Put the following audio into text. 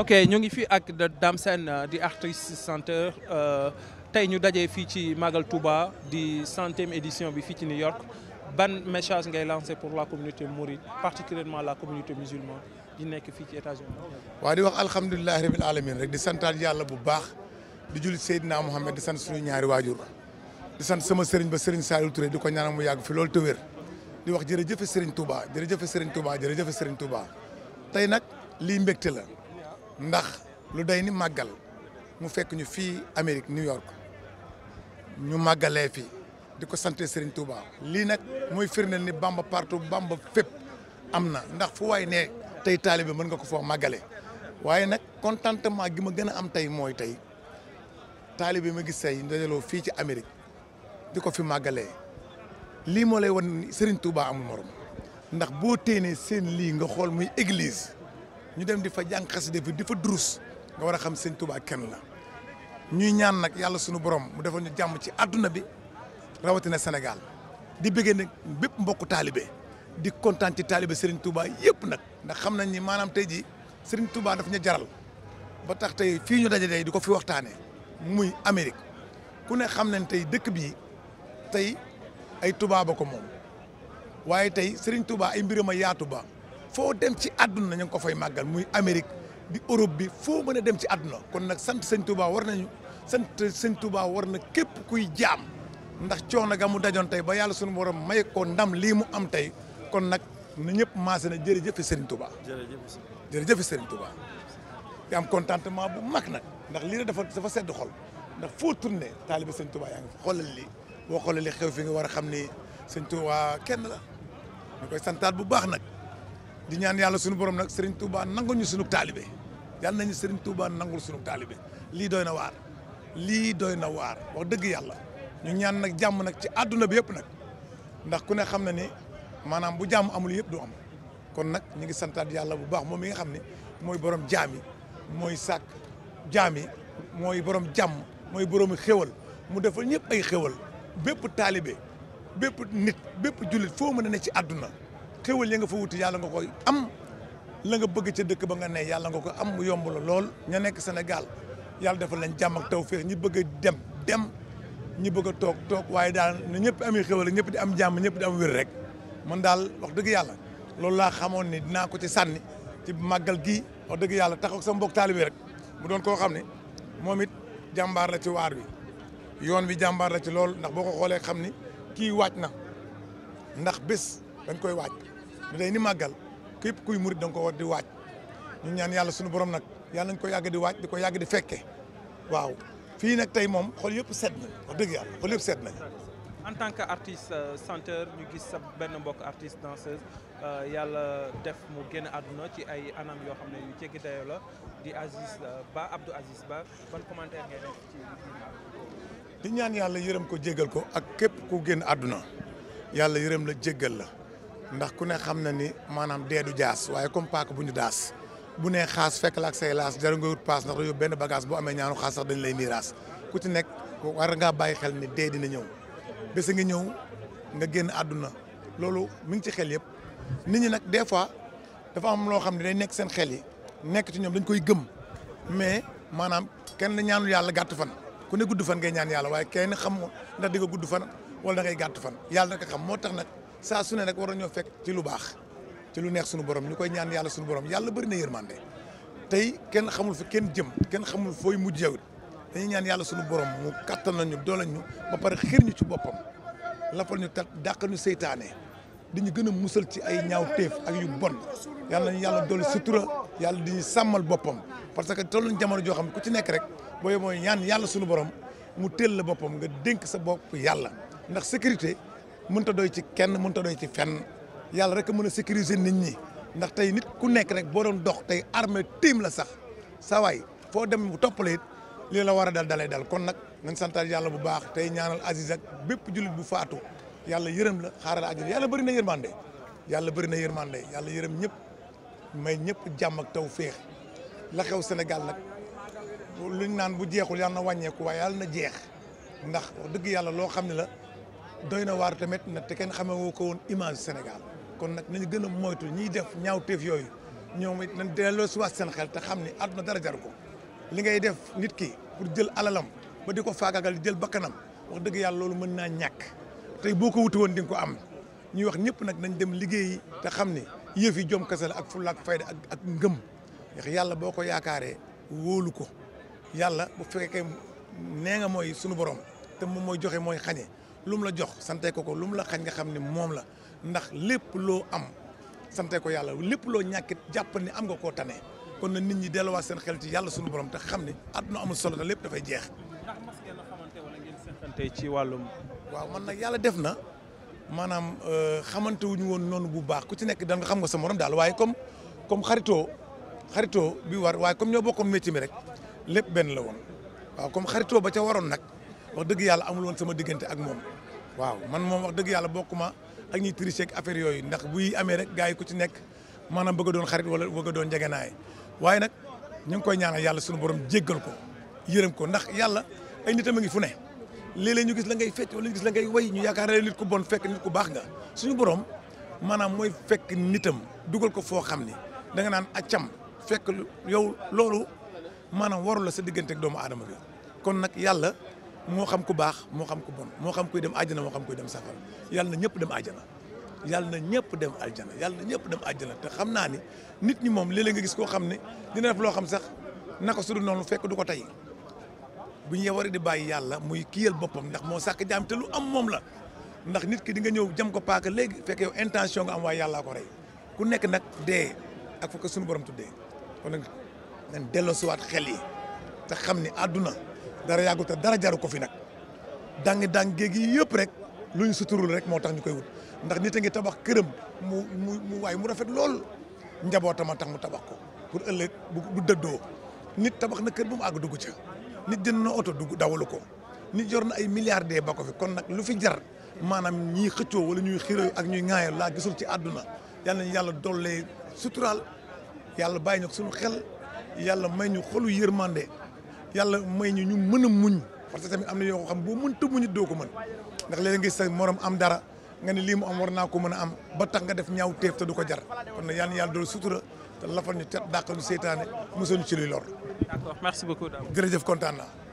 ok ñu ngi fii ak Dame Sène euh, di artiste chanteur euh, tey ñu dajee fii ci Magal Touba di centième édition bi fii ci New York ban message ngay lancé pour la communauté mouride particulièrement la communauté musulmane di nekk fii ci États-Unis waaw di wax alhamdulilahi rabil alamin rek di santaat yàlla bu baax di jullit Seydina Mohamed di sant suñu ñaari waajur di sant sama sëriñ ba sëriñ Saliou Touré di ko ñaanal mu yàgg fi loolu te wér di wax jërëjëfe sëriñ Touba jërëjëfe sëriñ Touba jërëjëfe sëriñ Touba tey nag lii mbégte la ndax lu day ni màggal mu fekk ñu fii Amérique New York ñu màggalee fi di ko sant Serigne Touba lii nag mooy firnde ni Bamba partout Bamba fépp am na ndax fu waay ne tey taalibe mën nga ko foo màggale waaye nag contentement gi ma gën a am tey mooy tey taalibe ma gis say ndajaloo fii ci Amérique di ko fi màggalee lii moo lay wan Serigne Touba amul morom ndax boo téenee seen lii nga xool muy église ñu dem di fa jàng xasida bi di fa durus nga war a xam sëñ Touba kenn la ñuy ñaan nag yàlla suñu borom mu defal jàmm ci àdduna bi rawatina Sénégal di bëggee nag bépp mbokku taalibe di kontaan ci taalibe Serigne Touba yëpp nag ndax xam nañ ni maanaam tey jii Serigne Touba daf ñu jaral ba tax tey fii ñu daje di ko fi waxtaane muy Amérique ku ne xam nañ tey dëkk bii tey ay Touba ba ko moom waaye tey Serigne Touba ay mbirama yaatu ba foo dem ci àdduna ñu ngi ko fay màggal muy amerique di Europe bi foo mën a dem ci àdduna kon nag sant sëñ Touba war nañu sant sëñ Touba war na képp kuy jaam ndax coono ga mu dajoon tey ba yàlla sunu borom may ndam lii mu am tey kon nag na ñëpp maase na jërëjëf sëriñ Touba. jërëjëf sëriñ Touba. di am contentement bu mag nag ndax lii dafa dafa sedd xol ndax foo tourné taalibe sëñ Touba yaa ngi fi xoolal lii boo xoolee li xew fi nga war a xam ni sëñ Touba kenn la ñu koy santaat bu baax nag. di ñaan yàlla suñu borom nag Serigne Touba nangu ñu suñu taalibe yàlla nañu Serigne Touba nangul suñu taalibe lii doy na waar lii doy na waar wax dëgg yàlla ñu ñaan nag jàmm nag ci àdduna bi yëpp nag ndax ku ne xam na ni maanaam bu jàmm amul yëpp du am kon nag ñu ngi santaat yàlla bu baax moom mi nga xam ne mooy borom jaami mooy sàkk jaami mooy borom jàmm mooy borom xéwal mu defal ñëpp ay xéwal bépp taalibe bépp nit bépp jullit foo mën a ne ci àdduna xéwal ya nga fa wuti yàlla nga koy am la nga bëgg ci dëkk ba nga ne yàlla nga ko am mu yomb la lool ña nekk senegal yàlla defal leen jàmm ak tawféex ñi bëgg dem dem ñi bëgg a toog toog waaye daal na ñëpp amee xéwal ñëpp di am jàmm ñëpp di am wér rek man daal wax dëgg yàlla loolu laa xamoon ni dinaa ko ci sànni ci màggal gii wax dëgg yàlla taxaw sa mbokk taalibe rek mu doon koo xam ne moom it jàmbaar la ci waar wi yoon wi jàmbaar la ci lool ndax boo ko xoolee xam ni kii waaj na ndax bés dañ koy waaj lu day ni màggal képp kuy murit da nga ko war di waaj ñu ñaan yàlla suñu borom nag yàlla nañ ko yàgg di waaj di ko yàgg di fekke waaw fii nag tey moom xol yëpp set nañ wax dëgg yàlla xol yëpp set en tant que artiste euh, chanteur ñu gis sa benn mbokk artiste danseuse euh, yàlla def mu génn àdduna ci ay anam yoo xam ne yu jéggi dayoo la di Aziz euh, Ba Abdou Aziz Ba ban commentaire di ñaan yàlla yërëm ko jéggal ko ak képp ku génn àdduna yàlla yërëm la jéggal la ndax ku ne xam na ni maanaam deedu jaas waaye comme paak bu ñu daas bu nee xaas fekk la ak say laas jar nga wut paas ndax yow benn bagage boo amee ñaanu xaas sax dañ lay miiraas ku ci nekk war ngaa bàyyi xel ni dee dina ñëw bés nga ñëw nga génn àdduna loolu mu ngi ci xel yëpp nit ñi nag des fois dafa am loo xam ne day nekk seen xel yi nekk ci ñoom dañ koy gëm mais maanaam kenn ñaanu yàlla gàtt fan ku ne gudd fan ngay ñaan yàlla waaye kenn xamul ndax di nga gudd fan wala da ngay gàtt fan yàlla naka xam moo tax nag saa su ne nag war ñoo fekk ci lu baax ci lu neex suñu borom ñu koy ñaan yàlla suñu borom yàlla bëri na tey kenn xamul fi kenn jëm kenn xamul fooy mujj yawit dañuy yàlla suñu borom mu kattan nañu doole ñu ba pare xir ñu ci boppam lafal ñu tat dàqal ñu seytaane di ñu gën a musal ci ay ñaaw téef ak yu bon yàlla nañu yàlla dolli sutura yàlla di ñu sàmmal boppam parce que tolluñ jamono joo xam ne ku ci nekk rek booy ñaan yàlla suñu borom mu teel la boppam nga dénk sa bopp yàlla ndax sécurité. mënta doy ci kenn mënta doy ci fenn yàlla rek mën a sécuriser nit ñi ndax tey nit ku nekk rek boo doon dox tey armée tiim la sax sa waay foo dem bu toppale it lii la war a dal dalay dal kon nag nañ santaat yàlla bu baax tey ñaanal Aziz ak bépp jullit bu faatu yàlla yërëm la xaaral àjjana yàlla bëri na yërmande yàlla bëri na yërmande yàlla yërëm ñëpp may ñëpp jàmm ak taw féex la xew Sénégal nag luñ naan bu jeexul yàlla na wàññeeku waaye yàlla na jeex ndax dëgg yàlla loo xam ne la doy na waar tamit na te kenn xamewu ko woon image Sénégal kon nag nañu gën a moytu ñiy def ñaawteef yooyu ñoom it nañ delloo si waa seen xel te xam ni àdduna dara jar ko li ngay def nit ki pour jël alalam ba di ko faagagal di jël bakkanam wax dëgg yàlla loolu mën naa ñàkk tey boo ko wuti woon di ko am ñuy wax ñëpp nag nañ dem liggéeyi te xam ni yëf yi jom kese la ak fulla ak fayda ak ak ngëm ndax yàlla boo ko yaakaaree wóolu ko yàlla bu fekkee nee nga mooy sunu borom te moom mooy joxe mooy xañe lu mu la jox sante ko ko lu mu la xañ nga xam ne moom la ndax lépp loo am sante ko yàlla lépp loo ñàkkit jàppal ni am nga ko tane kon na nit ñi delluwaat seen xel ci yàlla suñu borom te xam ne àdduna na solo te lépp dafay jeex. ndax ci wàllum. waaw man nag yàlla def na maanaam euh, xamante wuñu woon noonu bu baax ku ci nekk da nga xam nga sa morom daal waaye comme comme xaritoo xaritoo bi war waaye comme ñoo bokkoon métier mi rek lépp benn la woon waaw comme xaritoo ba ca waroon nag. wax dëgg yàlla amuloon sama diggante ak moom waaw man moom wax dëgg yàlla bokkuma ak ñii tricher ak affaire yooyu ndax buy amee rek gars yi ku ci nekk maanaam bëgg a doon xarit wala bëgg a doon jegenaay waaye nag ñu ngi koy ñaanal yàlla suñu borom jéggal ko yërëm ko ndax yàlla ay nitam a ngi fu ne léeg-léeg ñu gis la ngay fecc wala ñu gis la ñu yaakaar nit ku bon fekk nit ku baax nga suñu borom maanaam mooy fekk nitam dugal ko foo xam ni danga nga naan accam fekk yow loolu maanaam waru la sa diggante ak doomu aadama bi kon nag yàlla moo xam ku baax moo xam ku bon moo xam kuy dem àjjana moo xam kuy dem safara yàlla na ñëpp dem àjjana yàlla na ñëpp dem àjjana yàlla na ñëpp dem àjjana te xam naa ni nit ñi moom léeg nga gis koo xam ne dina def loo xam sax naka su dul noonu fekk du ko tey bu ñu war di bàyyi yàlla muy kiyal boppam ndax moo sàkk jaam te lu am moom la ndax nit ki di nga ñëw jam ko paaka léegi fekk yow intention nga am waaye yàllaa ko rey ku nekk nag dee ak fukk sunu borom tuddee kon nag nañ delloo siwaat xel yi te xam ni àdduna dara yàggu dara jaru ko fi nag dangi dang géeg yi yëpp rek lu ñu suturul rek moo tax ñu koy wut ndax nit a ngi tabax këram mu mu mu waay mu rafet lool njabootama tax mu tabax ko pour ëllëg bu dëddoo nit tabax na kër bu mu àgg dugg ca nit jënd na oto dugg dawalu ko nit jor na ay milliardaire ba ko fi kon nag lu fi jar maanaam ñiy xëccoo wala ñuy xiroo ak ñuy ŋaayoo laa gisul ci àdduna yàlla nañ yàlla dollee suturaal yàlla bàyyi ñu suñu xel yàlla may ñu xolu yërmande yàlla may ñu ñu mën a muñ parce que tamit am na yoo xam boo mënta muñ doo ko mën ndax léeg-léeg nga sa am dara nga ne lii mu am war naa ko mën a am ba tax nga def ñaaw teef te du ko jar kon na yàlla yàlla doolu sutura te lafal ñu cat dàqal ñu seytaane mosoon ci luy lor. d'accord merci beaucoup. jërëjëf kontaan naa.